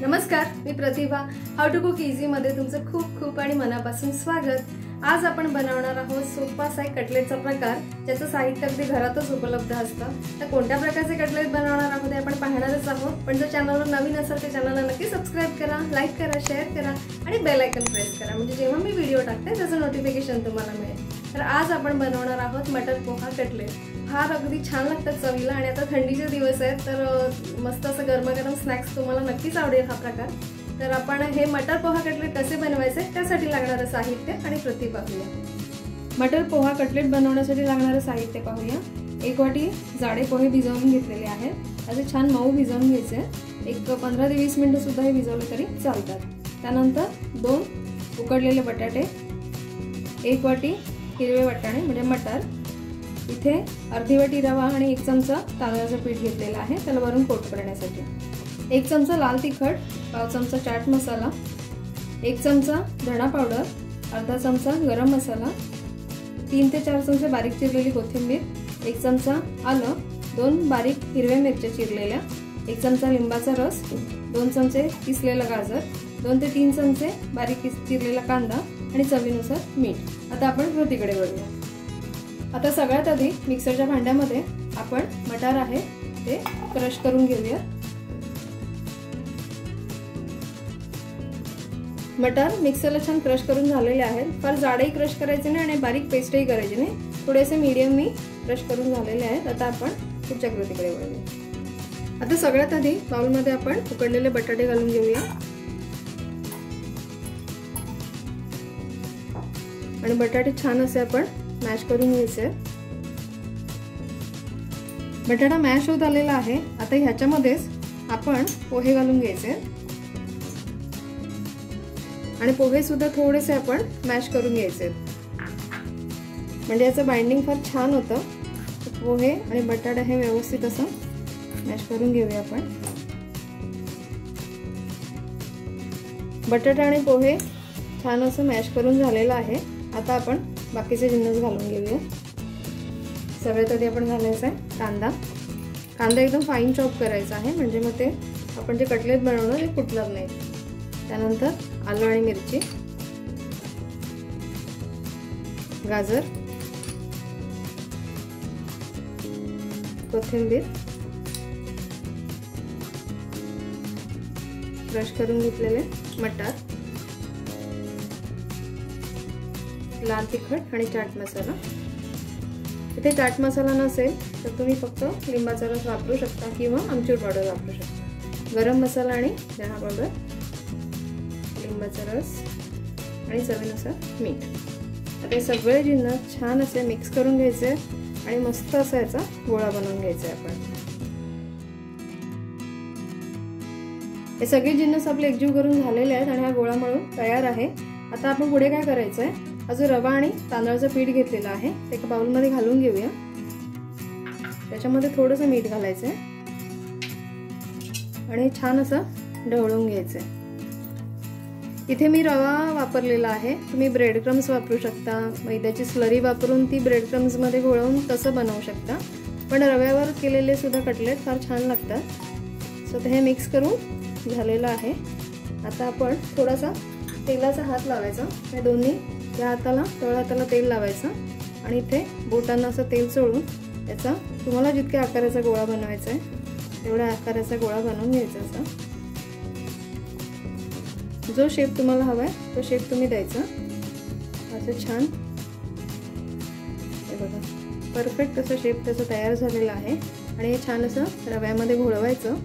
नमस्कार मी Pratibha how to cook मध्ये तुमचं खूप खूप आणि मनापासून स्वागत आज आपण बनवणार आहोत सोपा असा कटलेटचा प्रकार ज्याचं साहित्य अगदी घरातच उपलब्ध असतं तर कोणत्या प्रकारचे कटलेट बनवणार आहोत ते आपण पाहणारच आहोत पण जर चॅनलवर नवीन असेल तर चॅनलला नक्की सबस्क्राईब करा लाईक करा शेअर करा आणि बेलायकन प्रेस करा म्हणजे जेव्हा मी व्हिडिओ टाकते त्याचं नोटिफिकेशन तुम्हाला मिळेल तर आज आपण बनवणार आहोत मटर पोहा कटलेट फार अगदी छान लागतात चवीला आणि आता थंडीचे दिवस आहेत तर मस्त असं गरमागरम स्नॅक्स तुम्हाला नक्कीच आवडेल हा प्रकार तर आपण हे मटर पोहा कटलेट कसे बनवायचे त्यासाठी लागणारं साहित्य आणि कृती पाहूया मटर पोहा कटलेट बनवण्यासाठी लागणारं साहित्य पाहूया एक वाटी जाडे पोहे भिजवून घेतलेले आहेत असे छान मऊ भिजवून घ्यायचे एक पंधरा ते वीस मिनटं सुद्धा हे भिजवले तरी चालतात त्यानंतर दोन उकडलेले बटाटे एक वाटी हिरवे वाटाणे म्हणजे मटर इथे अर्धी वाटी रवा आणि एक चमचा तांदळाचं पीठ घेतलेलं आहे त्याला वरून कोट करण्यासाठी एक चमचा लाल तिखट पाव चमचा चाट मसाला एक चमचा धणा पावडर अर्धा चमचा गरम मसाला तीन ते चार चमचे बारीक चिरलेली कोथिंबीर एक चमचा आलं दोन बारीक हिरव्या मिरच्या चिरलेल्या एक चमचा लिंबाचा रस दोन चमचे किसलेला गाजर दोन ते तीन चमचे बारीक चिरलेला कांदा आणि चवीनुसार मीठ आता आपण कृतीकडे वळूया आता सगळ्यात आधी मिक्सरच्या भांड्यामध्ये आपण मटार आहे ते क्रश करून घेऊया मटर मिक्सरला छान क्रश करून झालेले आहेत फार जाडही क्रश करायचे नाही आणि बारीक पेस्टही करायचे नाही थोडेसे मीडियम मी क्रश करून झालेले आहेत आता आपण पुढच्या कृतीकडे वळूया आता सगळ्यात आधी बाउलमध्ये आपण उकडलेले बटाटे घालून घेऊया आणि बटाटे छान असे आपण मॅश करून घ्यायचे बटाटा मॅश होत आलेला आहे आता ह्याच्यामध्येच आपण पोहे घालून घ्यायचे आणि पोहे सुद्धा थोडेसे आपण मॅश करून घ्यायचे म्हणजे याचं बाइंडिंग फार छान होतं पोहे आणि बटाटा हे व्यवस्थित असं मॅश करून घेऊया आपण बटाटा आणि पोहे छान असं मॅश करून झालेलं आहे आता आपण बाकीचे जिन्नस घालून घेऊया सगळ्यात आधी आपण घालायचा आहे कांदा कांदा एकदम फाईन चॉप करायचा आहे म्हणजे मग ते आपण जे कटलेट बनवलं ते कुठलं नाही त्यानंतर आलं आणि मिरची गाजर कोथिंबीर ब्रश करून घेतलेले मटार लाल तिखट आणि चाट मसाला इथे चाट मसाला नसेल तर तुम्ही फक्त लिंबाचा रस वापरू शकता किंवा आमचूर पावडर वापरू शकता गरम मसाला आणि चहा पावडर लिंबाचा रस आणि चवीनुसार मीठ आता हे सगळे जिन्नस छान असे मिक्स करून घ्यायचे आणि मस्त असा याचा गोळा बनवून घ्यायचा आपण हे सगळे जिन्नस आपले एकजीव करून झालेले आहेत आणि हा गोळा मळून तयार आहे आता आपण पुढे काय करायचं आहे हा जो रवा आणि तांदळाचं पीठ घेतलेलं आहे ते एका बाउलमध्ये घालून घेऊया त्याच्यामध्ये थोडंसं मीठ घालायचं आहे आणि छान असं ढवळून घ्यायचं आहे इथे मी रवा वापरलेला आहे तुम्ही ब्रेड क्रम्स वापरू शकता मैद्याची स्लरी वापरून ती ब्रेड क्रम्समध्ये घोळवून तसं बनवू शकता पण रव्यावर केलेले सुद्धा कटलेत फार छान लागतात सो ते हे मिक्स करून झालेलं आहे आता आपण थोडासा तेलाचा हात लावायचा हे दोन्ही या हाताला तळ हाताला तेल लावायचं आणि इथे बोटांना असं तेल चोळून त्याचा तुम्हाला जितक्या आकाराचा गोळा बनवायचा आहे तेवढ्या आकाराचा गोळा बनवून घ्यायचा असा जो शेप तुम्हाला हवा आहे तो शेप तुम्ही द्यायचा असं छान हे बघा परफेक्ट असं शेप त्याचं तयार झालेलं आहे आणि हे छान असं रव्यामध्ये घोळवायचं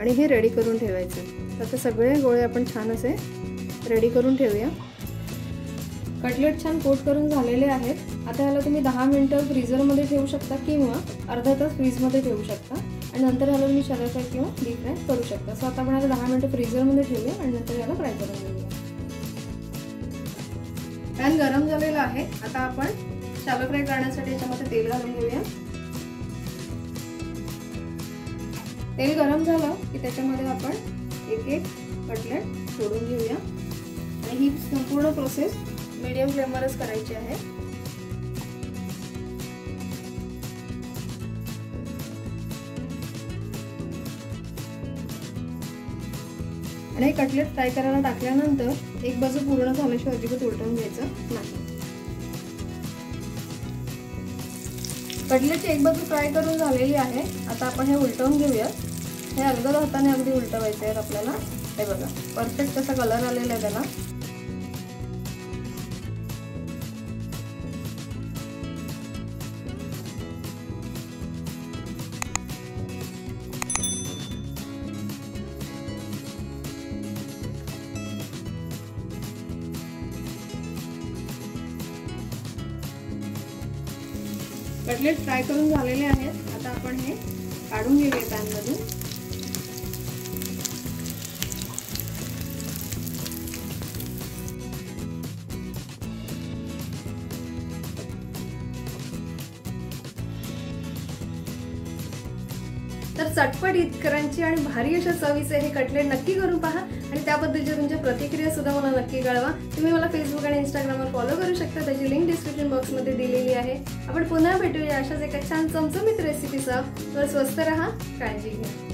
आणि हे रेडी करून ठेवायचं आता सगळे गोळे आपण छान असे रेडी करून ठेवूया कटलेट छान कोट करून झालेले आहेत आता ह्याला तुम्ही दहा मिनटं फ्रीजरमध्ये ठेवू शकता किंवा अर्धा तास फ्रीजमध्ये ठेवू शकता आणि नंतर घालून मी शालो फ्राय किंवा डीप फ्राय करू शकता सो आता आपण आता दहा मिनटं फ्रीजरमध्ये ठेवले आणि नंतर याला फ्राय करून घेऊया पॅन गरम झालेला आहे आता आपण शॅलो फ्राय करण्यासाठी याच्यामध्ये तेल घालून घेऊया तेल गरम झालं की त्याच्यामध्ये आपण एक एक कटलेट सोडून घेऊया आणि ही संपूर्ण प्रोसेस मीडियम फ्लेमवरच करायची आहे आणि हे कटलेट फ्राय करायला टाकल्यानंतर एक बाजू पूर्ण झाल्याशिवाय अजिबात उलटून घ्यायचं नाही कटलेटची एक बाजू फ्राय करून झालेली आहे आता आपण हे उलटवून घेऊयात हे अर्धा हाताने अगदी उलटवायचं आपल्याला हे बघा परफेक्ट कसा कलर आलेला आहे त्याला कटलेट फ्राय करून झालेले आहेत आता आपण हे काढून घेऊया पॅनमधून तर चटपट इतकरांची आणि भारी अशा चवीचे हे कटलेट नक्की करून पहा आणि त्याबद्दलच्या तुमच्या प्रतिक्रिया सुद्धा मला नक्की कळवा तुम्ही मला फेसबुक आणि इंस्टाग्रामवर फॉलो करू शकता त्याची लिंक डिस्क्रिप्शन बॉक्समध्ये दिलेली आहे आपण पुन्हा भेटूया अशाच एका छान चमचमीत रेसिपीसह तर स्वस्त राहा काळजी घ्या